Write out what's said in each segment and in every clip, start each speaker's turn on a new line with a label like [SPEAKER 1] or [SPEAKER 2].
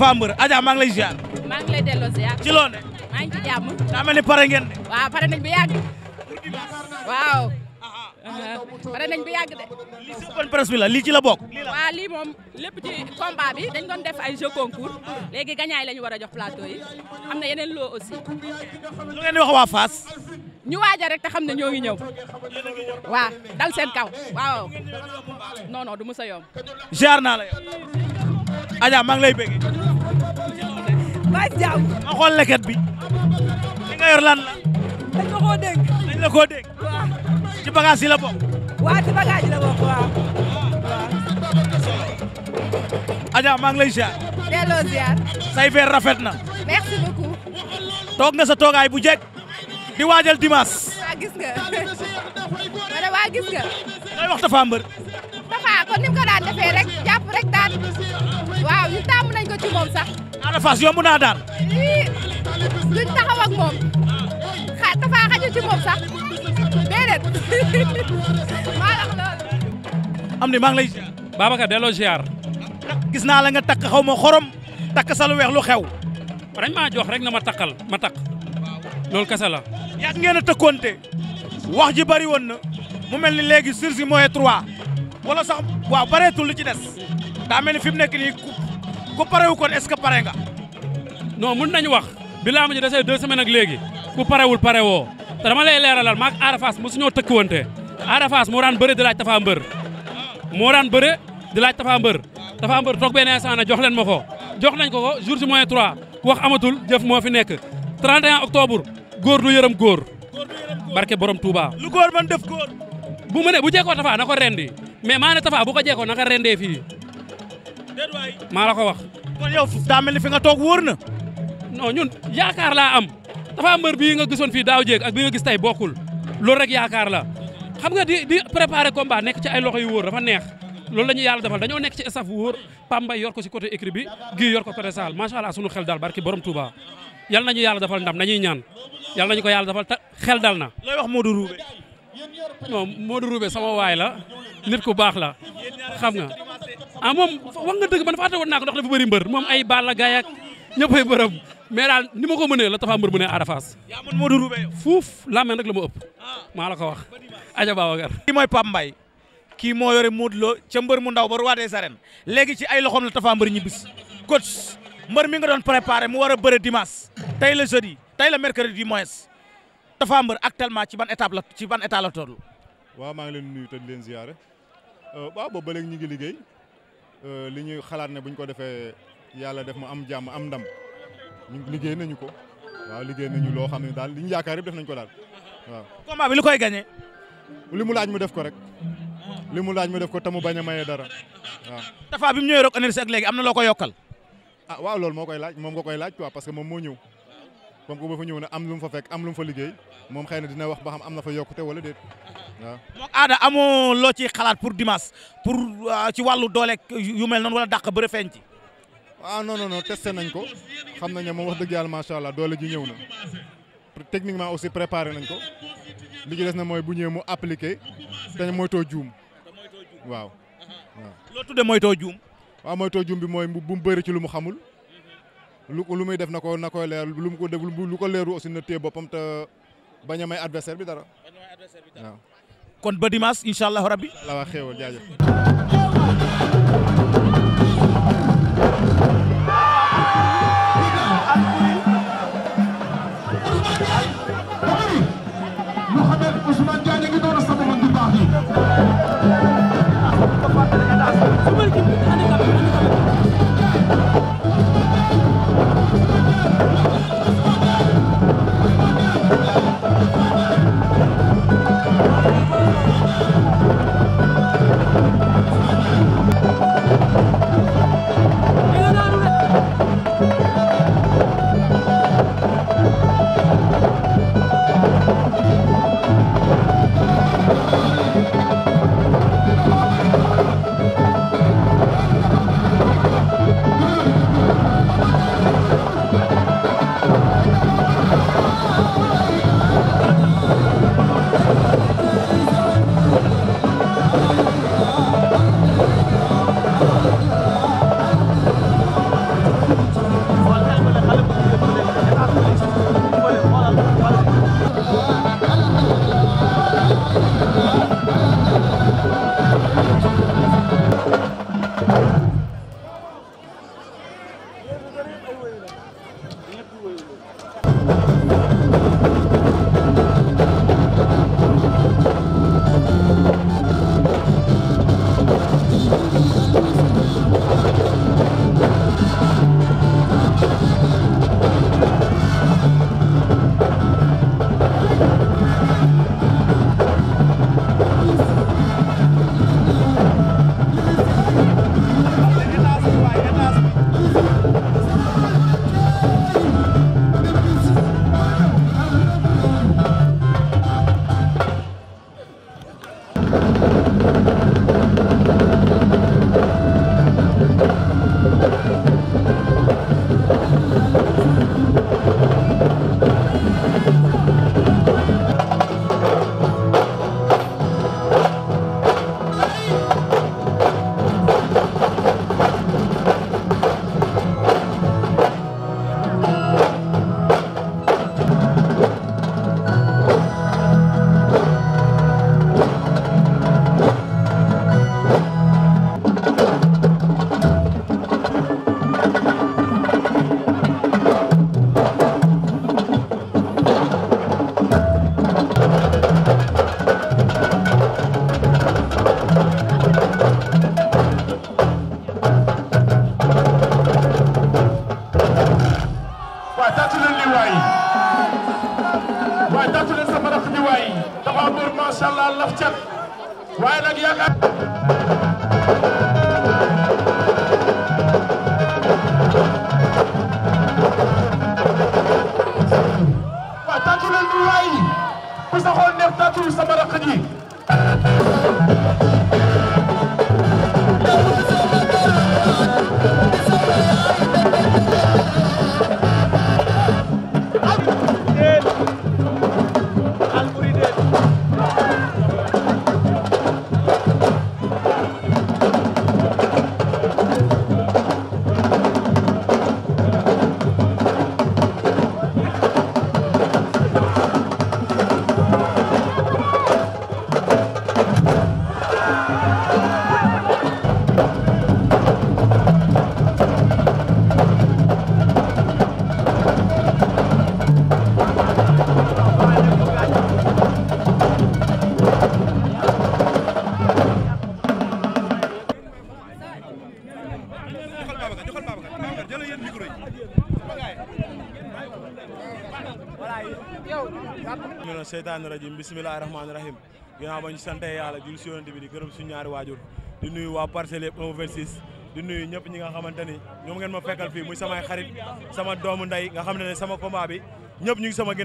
[SPEAKER 1] Tapha Mbeur Adja maa ngi lay ziar.
[SPEAKER 2] ci loo ne. maa ngi ci jàmm.
[SPEAKER 1] daa mel ni pare ngeen de.
[SPEAKER 2] waaw pare nañ bu lii si open press
[SPEAKER 1] bi la lii ci la bokk.
[SPEAKER 2] waaw lii moom lépp ci combat bi dañ doon def ay jeu concours léegi gagnant yi la ñu war a jox plateau yi am na yeneen loo aussi. lu ngeen di ñu waaja rek xam ne ñoo ngi ñëw. dal seen kaw waaw
[SPEAKER 1] aja maa lay bëgg. maa ma xool leket bi. li nga lan la. dañ ma koo dénk. dañ la koo yi la bokk. waaw ci bagage yi la bokk waaw. waaw. Adja maa ngi lay ziar. delloo say verre rafet na.
[SPEAKER 2] merci beaucoup.
[SPEAKER 1] toog nga sa toogaay bu jekk. di waajal dimanche. waa
[SPEAKER 2] waa gis nga.
[SPEAKER 1] ngay wax Tapha Mbeur.
[SPEAKER 2] Tapha kon ni mu ko rek jàpp rek daan. waaw ñu tàmm nañ ko ci moom sax.
[SPEAKER 1] Ada yomb naa daan.
[SPEAKER 2] lii duñ moom xa dafa moom sax déedéet maa wax loolu. am ni maa ngi lay. Babacar delloo gis naa la nga takk xaw ma xorom takk sa lu weex lu xew. dañ maa rek na ma takkal ma takk loolu kese la.
[SPEAKER 1] yàgg ngeen wax ji bari woon mu mel ni léegi sursi mooy trois
[SPEAKER 2] wala sax waaw bareetul li ci des daa ni fi ku parewu kon est-ce que pare nga non mën nañu wax bi laa ma ji desee deux semaines léegi ku parewul pare woo te dama lay leeralal maak Ada Fass mu suñoo tëkkwante Ada Fass moo raan bëre di laaj Tapha Mbeur moo daan bëre di laaj Tapha Mbeur Tapha Mbeur toog benn instant na jox leen ma ko jox nañ ko ko jour ci moyen 3 wax amatul jëf moo fi nekk 31 octobre góor du yërëm góor barke borom Touba. lu góor man def góor bu mu ne bu jekkoo Tapha na ko rendi mais maa ne Tapha bu ko jekkoo maa la ko wax. kon yow daa mel ni fi nga toog wóor na. non ñun yaakaar laa am dafa am mbër bii nga gisoon fii daaw jéeg ak bii nga gis tey bokkul loolu rek yaakaar la xam nga di di préparer combat nekk ci ay loxo yu wóor dafa neex. loolu la ñu yàlla defal dañoo nekk ci staff bu wóor Pambay yor ko si côté écrit bi gii yor ko côté Saal macha allah sunu xel daal barki borom Touba yal nañu yàlla defal ndam nañuy ñaan yal nañu ko yàlla defal ta xel dal na. looy wax Modou Roubé. non Modou Roubé sama waay la nit ku baax la ah moom wax nga dëgg man fàtte woon naa ko ndax dafa bëri mbër moom ay Balla Gaye ak ñëppay bërëm mais daal ni ma ko mënee la Tapha Mbeur mënee Ada Fass fuuf lameen rek la ma ëpp ah. ma la ko wax aja Babacar kii mooy Pape Mbaye kii moo yore
[SPEAKER 1] Modou Lo ca mbër mu ndaw ba roi des arènes léegi ci ay loxoom la Tapha Mbeur ñibbis coach mbër mi nga doon préparé mu war a bëre dimanche tey la jeudi tey la mercredi du moins Tapha
[SPEAKER 3] Mbeur ci ban étape la ci ban état la toll waaw maa ngi leen nuyu te di euh, liggéey Euh, li ñuy xalaat ne bu ñu ko defee yàlla def mu am jàmm am ndam liggéey nañu ko waaw liggéey nañu loo xam ne daal li ñu yaakaar yëpp def nañu ko daal waaw. combat bi lu koy gagné. li mu laaj mu def ko rek. li mu laaj mu def ko te mu bañ a maye dara
[SPEAKER 1] waaw. Tapha bi mu ñëwee rek énergie ak léegi am na loo ko yokkal.
[SPEAKER 3] ah waaw loolu moo koy laaj moom nga koy laaj quoi parce que moom moo ñëw. comme que ba fa ñëw na am lu mu fa fekk am lu fa liggéey moom xëy na dina wax ba xam am na fa yokkute wala déet waaw.
[SPEAKER 1] moom aada amoo loo ci xalaat pour dimanche pour euh, ci wàllu doole yu mel noonu wala dàq bëre feeñ ci.
[SPEAKER 3] ah non non non testé nañ ko xam nañ ne moom wax dëgg yàlla macha allah doole ji ñëw na techniquement aussi préparé nañ ko li ci des na mooy bu ñëwee mu appliqué te moytoo juum waaw. waaw loo tuddee moytoo juum. bi mooy bu mu bëri ci lu mu xamul. lu lu muy def na ko na koy leer lu mu ko def lu ko leeru aussi na téye ba te bañ may adversaire bi dara. a bi dara. kon ba dimanche incha allah rabbi. waaw xéewal jaajëf.
[SPEAKER 1] waaye tàccu leen sama rakk bi waay Tapha Mbeur macha allah laf cat waaye nag yaakaar
[SPEAKER 3] mino seytaani rajim bisimilahi sante yàlla jul si yonent bi di gërëm suñu ñaari waajur di nuyu waa parcelle yëpp 1 26 di nuyu ñëpp ñi nga xamante ni ñoom ngeen ma fekkal fii muy samay xarit sama doomu ndey nga xam sama combat ñëpp ñu ki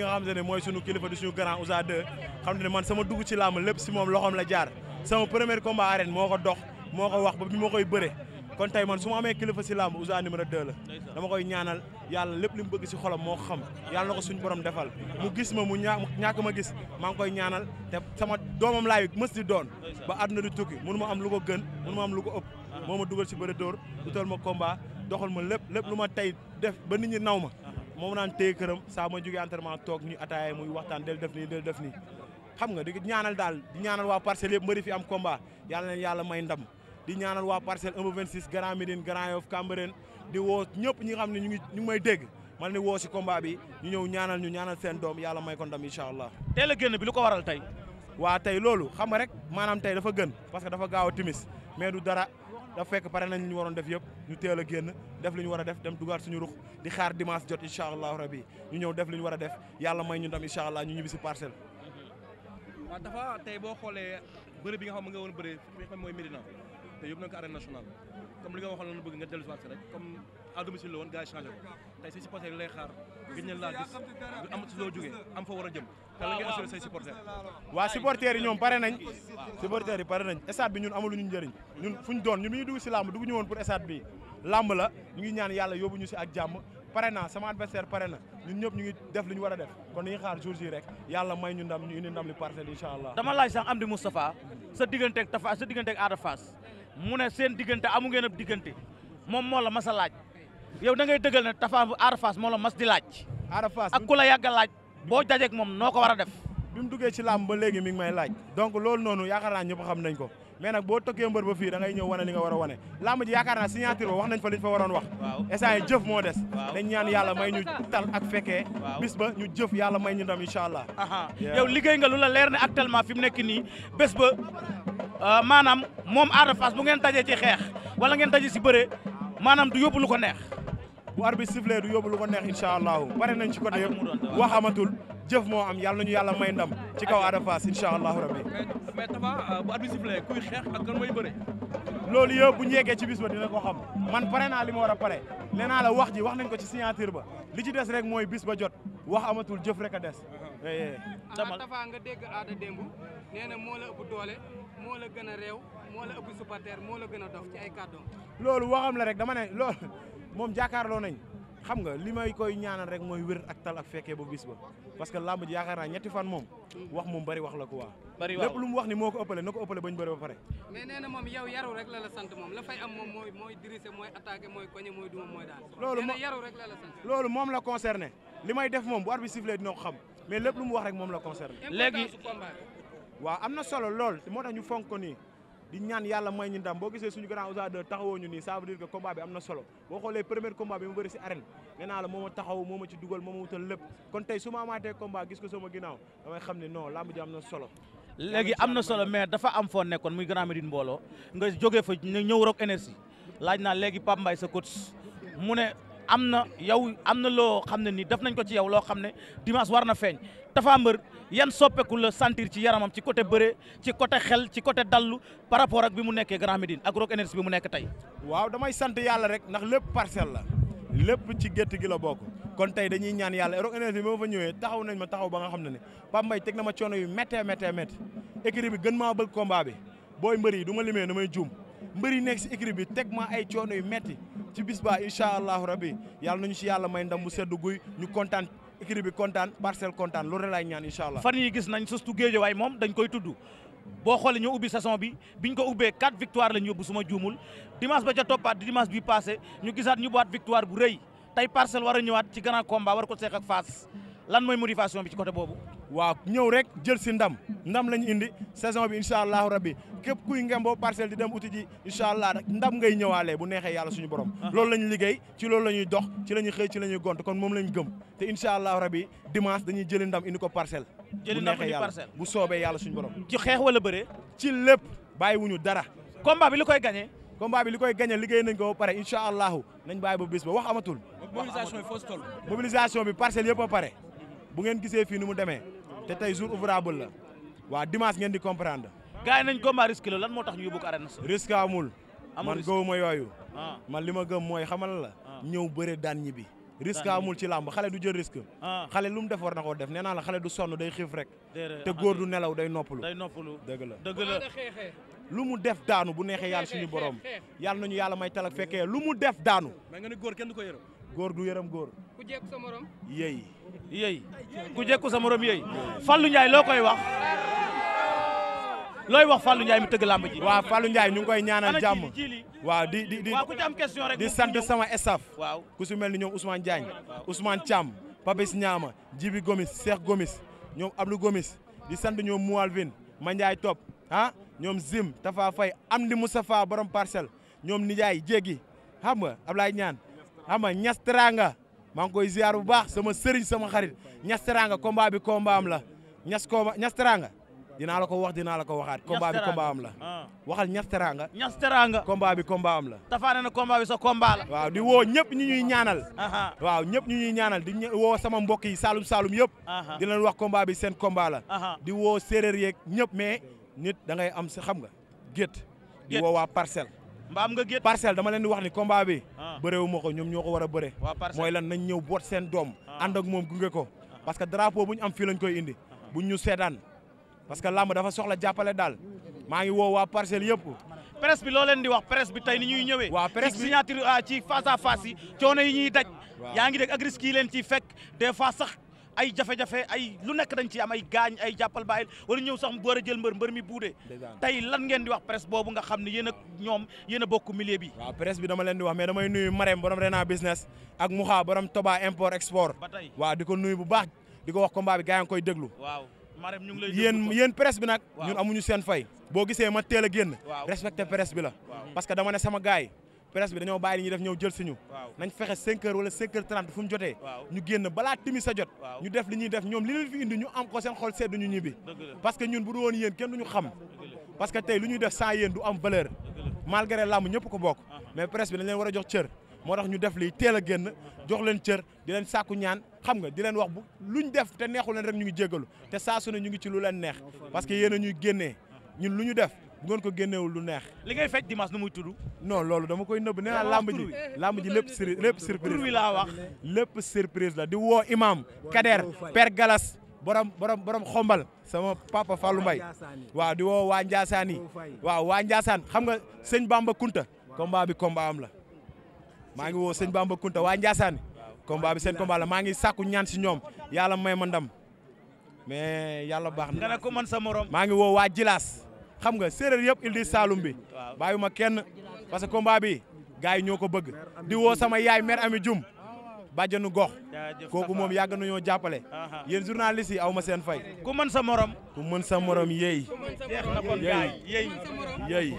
[SPEAKER 3] nga xamante ne mooy suñu kilifa di suñu grand Ousa 2 xam man sama dugg ci làmb lépp si moom loxoom la jaar sama premier combat arène moo ko dox moo ko wax ba bi ma koy bëre kon tey man su ma amee kilifa si làmb Ouza numéro 2 la dama koy ñaanal yàlla lépp li mu bëgg si xolam moo xam yàlla na ko suñu borom defal mu gis ma mu ñàkk ma gis maa ngi koy ñaanal te sama doomam laay mës di doon ba àdduna di tukki mënu ma am lu ko gën mënu ma am lu ko ëpp ah. moo ma dugal si bëri dóor utal ma combat doxul ma lépp lu ma tey def ba nit ñi naw ma ah. moom naan téye këram saa ma jógee entraînement toog ñu ataaya muy waxtaan del def nii del def nii xam nga di ñaanal daal di ñaanal waa mbëri fi am combat yàlla na yàlla may ndam di ñaanal waa parcelle 1 ba 26 Grand Médine Grand Yoff Cambérène di woo ñëpp ñi nga xam ne ñu may dégg ma leen di woo si combat bi ñu ñëw ñaanal ñu ñaanal seen doom yàlla may ko ndam allah. teel bi lu ko waral tey. waa tey loolu xam rek maanaam tey dafa gën parce que dafa gaaw timis mais du dara da fekk pare nañ ñu waroon def yëpp ñu teel a génn def li ñu war def dem dugaat suñu rux di xaar dimanche jot incha allah rabi ñu ñëw def li ñu war a def yàlla may ñu ndam incha ñu ñibbi si parcelle.
[SPEAKER 2] waaw dafa tey boo xoolee bëre
[SPEAKER 3] bi nga xam nga woon bëre mooy te yóbbu nañ ko arène nationale comme li nga waxoon lan bëgg nga dellu si la woon gars loo jógee am fa a jëm te la nga assuré say yi ñoom pare nañ supporters yi pare nañ stade bi ñun amalu ñu njëriñ ñun ñu doon ñu dugg ñu woon pour stade bi làmb la ñu ngi ñaan yàlla yóbbu ñu si ak jàmm pare na sama adversaire ñëpp ñu ngi def li ñu war def kon dañuy xaar jours yi rek yàlla may ñu ndam ñu indi ndam li parcelle incha allah
[SPEAKER 1] dama laaj sax Amdi Moustapha sa digganteeg Tafa sa digganteeg Ada mun ne seen diggante amu ngeen ab diggante moom moo la mas a laaj yow da ngay dëggal ne Tapha bu Fass moo la mas di laaj. Ada Fass ak ku la a laaj boo jajeeg moom noo ko war a def.
[SPEAKER 3] bi mu duggee ci lam ba léegi mi ngi may laaj donc loolu noonu yaakaar naa ñëpp xam nañ ko. mais nag boo tokkee mbër ba fii da ngay ñëw wane li nga war a wane lamb ji yaakaar naa signature ba wax nañ fa liñ fa waroon wax instant yi jëf moo des dañ ñaan yàlla may ñu tal ak fekkee bis ba ñu jëf yàlla may ñu ndam incha allah yow liggéey nga lu la leer ne actuellement fi mu nekk nii bés ba euh,
[SPEAKER 1] maanaam moom Ada Fass bu ngeen dajee ci xeex wala ngeen daje si bëre maanaam du
[SPEAKER 3] yóbbu lu ko neex bu arbitre sifflé du yóbbu lu ko neex incha allahu bare nañ ci côté yëpp wax amatul jëf moo am yàlla nañu yàlla may ndam ci kaw Ada Fass incha allahu rabbi mais
[SPEAKER 2] Tapha euh, bu arbitre sifflé kuy xeex ak kan mooy bëre.
[SPEAKER 3] loolu yëpp bu ñu ci bis ba dina ko xam man pare naa li ma war a pare nee naa la wax ji wax nañ ko ci signature ba li ci des rek mooy bis ba jot wax amatul jëf rek a des. Eh, eh.
[SPEAKER 2] damal Tapha nga dégg aada démb nee na moo la ëpp doole moo la gën a réew moo la ëpp supporter moo la gën a dof ci ay kàddoom.
[SPEAKER 3] loolu waxam la rek dama ne lool moom jàkkaarloo nañ xam nga li may koy ñaanal rek mooy wér ak tal ak fekkee ba bis ba parce que làmb ji yaakaar naa ñetti fan moom wax moom bari wax la ko waa lépp lu wax ni moo ko ëppale na ko ëppale bañ bëri ba pare
[SPEAKER 2] mais nee na moom yow yaru la la sant mooy mooy diriger mooy attaquer mooy koñe mooy duma mooy daal loolu
[SPEAKER 3] yaru moom la concerné li may def moom bu arbitre sifflé dina ko xam mais lépp lu mu wax rek moom la concerné léegi waaw am na solo lool moo tax ñu fonk nii di ñaan yàlla may ñu ndam boo gisee suñu grand Ouza 2 taxawoo ñu nii ça veut dire que am na solo boo xoolee premier combat bi mu bëri si arène nee la moo ma taxaw moo ma ci dugal moo ma wutal lépp kon tey su ma amaatee combat gis ko sama ginnaaw damay xam ne noo làmb ji am na solo
[SPEAKER 1] léegi am na solo mais dafa am foo nekkoon muy Grand Médine mbooloo nga jogee fa ñëw Rock Énergie laaj naa léegi Pape Mbaye sa coach mu am na yow am na loo xam ne nii def nañ ko ci yow loo xam ne dimanche war na feeñ Tapha Mbeur yan soppeeku la sentir ci yaramam ci côté bëre ci côté xel ci côté
[SPEAKER 3] dallu par rapport ak bi mu nekkee Grand Médine ak Rock Énergie bi mu nekk tey. waaw damay sant yàlla rek ndax lépp parcelle la lépp ci gétt gi la bokk kon tey dañuy ñaan yàlla Rock Énergie bi ma fa ñëwee taxaw nañ ma taxaw ba nga xam ne ne Pape Mbaye teg na ma coono yu méttee méttee métti écurie maa bëgg combat bi booy mbër yi du ma limee damay juum mbër yi nekk si écurie bi teg ay coono yu métti ci bis ba incha allahu rabi yàlla nañu ci yàlla may ndam bu sedd guy ñu kontaan équipe bi kontaan parcelle kontaan loolu laay ñaan incha allah. fan yi gis nañ surtout Guédiawaye moom dañ koy tudd boo xoolee ñu ubbi
[SPEAKER 1] saison bi biñ ko ubbee quatre victoire lañ yóbbu suma juumul dimanche ba ca toppaat dimanche bi passé ñu
[SPEAKER 3] gisaat ñu bowaat victoire bu rëy tey parcel war a ñëwaat ci grand combat war ko seex ak fas lan mooy motivation bi ci côté boobu. waaw ñëw rek jël si ndam ndam lañu indi saison bi incha allahu rabbi képp kuy ngemboo parcelle di dem uti ji incha allah ndam ngay ñëwaalee bu neexee yàlla suñ borom ah. loolu la liggéey ci loolu la ñuy dox ci la ñuy xëy ci la ñuy gont kon moom la ñu gëm te incha allahu rabbi dimanche dañuy jëli ndam indi ko parcelle bu neexee yàlla bu soobee yàlla suñu borom ci xeex wala bëree ci lépp bàyyiwuñu dara combat bi li koy gagné combat bi li koy gagné liggéey nañ ko ba pare incha allahu nañ bàyyi ba bis ba wax amatul mobilisation bi parcelle yëpp a pare bu ngeen gisee fii ni mu demee te tey jour ouvrable la waa dimanche ngeen di comprendre. gars yi nañ combat la lan moo tax ñu yóbbu ko arène risque amul. man gëwuma yooyu. Ah. man li ma gëm mooy xamal la. Ah. ñëw bëre daan ñibbi. risque amul ci làmb xale du jël risque. Ah. xale lu mu def war na koo def nee naa la xale du sonn day xiif rek. te góor du nelaw day noppalu. day noppalu dëgg la dëgg lu mu def daanu bu neexee yàlla suñu borom yàlla nañu yàlla may tal fekkee lu mu def daanu. mais nga ni góor kenn du ko yërëm góor du yërëm góor.
[SPEAKER 2] ku jekku sa morom.
[SPEAKER 3] yey. yey ku sa morom yey. Fallou Ndiaye loo koy wax. looy wax Fallou Ndiaye mi tëgg làmb ji. waaw Fallou Ndiaye ñu koy ñaanal jàmm. waaw di di di ku am question rek sant sama staff. waaw ku si mel ni ñoom Ousmane Diagne. Ousmane Thiam. Papis Ñaama Jibi Gomis Cheikh Gomis ñoom Abdou Gomis di sant ñoom Moualvin Mandiaye Top ah ñoom Zim Tafa Faye Amdi Moustapha borom parcelle ñoom Nijaay Jéggi xam nga Ablaye Ñaan xam nga Niass Teranga maa ngi koy ziar bu baax sama sëriñ sama xarit Niass Teranga combat bi combat la Niass combat Niass dinaa la ko wax dinaa la ko waxaat. combat kombaam la. Ah. waxal Niass Teranga. Niass bi combat la. dafa ne combat sa combat la. waaw di woo ñëpp ñu ñuy ñaanal. waaw ñëpp ñu ñuy ñaanal di woo sama mbokk yi Saalum Saalum yëpp. di leen wax combat bi seen combat la. di woo séeréer yeeg ñëpp mais nit da ngay am sa xam nga gétt. di woo waa parcelle. mbaam nga gétt parcelle dama leen di wax ni combat bi ah. bëréewu ma ko ñoom ñoo ko war a bëre mooy lan nañ ñëw boot seen doom ah. ànd ak moom gunge ko ah. parce que drapeau bu am fii lañ koy indi buñ ñu seedaan parce que làmb dafa soxla jàppale daal maa ngi woowaa waa parcelle yëpp
[SPEAKER 1] presse bi loo leen di wax presse bi tey ni ñuy ñëwee waa presse bi signature ci face à coono yi ñuy daj yaa ngi dégg ak kii leen ci fekk des fois sax ay jafe-jafe lu nekk dañ ci am ay gaañ ay jàppal bàyyil wala ñëw sax mu war a jël mbër mbër mi buudee tey lan
[SPEAKER 3] ngeen di wax presse boobu nga xam ne yéen ak ñoom yéen a bokk milieu bi waaw presse bi dama leen di wax mais damay nuyu Marème borom Rena business ak Mouha borom Toba import export waaw di ko nuyu bu baax di ko wax combat bi gaa ngi koy déglu waaw Marème ñu ngi lay yéen yéen presse bi nag ñun amuñu seen fay boo gisee ma teel a génn respecté presse bi la parce que dama ne sama gaay presse bi dañoo bàyyi li ñuy def ñëw jël suñu nañ fexe 5 heures wala 5 heures 30 fu mu jotee ñu génn balaa timis sa jot ñu def li ñuy def ñoom li ñu am ko parce que ñun bu woon yéen kenn duñu xam parce que tey lu ñuy def sans yéen du am valeur malgré làmb ñëpp ko bokk ah. mais presse dañ leen war a jox cër moo tax ñu def li teel a génn jox leen cër di leen sàkku ñaan xam nga di leen wax bu ñu def te neexu leen rek ñu ngi jéggalu te saa su ñu ngi ci lu leen neex parce que yéen ñuy génnee ñun lu ñu def bu ngeen lu neex. li ngay fecc dimanche nu muy tudd. non loolu dama koy nëbb nee naa làmb ji làmb lépp lépp surprise laa wax. lépp surprise la di woo imam Kader Père Galas borom borom xombal sama papa Fallou Mbaye waaw di woo waa waaw waa Ndiassane xam nga sëñ Bamba Kunta combat bi combat la maa ngi woo sëñ Bamba Kunta waa Ndiassane combat bi seen combat la maa ngi sàkku ñaan si ñoom yàlla may ma ndam mais yàlla baax na. ko man sa morom. maa ngi woo waa Jilaas. xam nga séeréer yëpp il di Saloum bi bàyyuma kenn parce que combat bi gars yi ñoo ko bëgg di woo sama yaay mère ami Dioum bàjjanu gox kooku moom yàgg nañoo jàppale yéen journalistes yi aw ma seen fay ku mën sa morom ku mën sa morom yéey yéey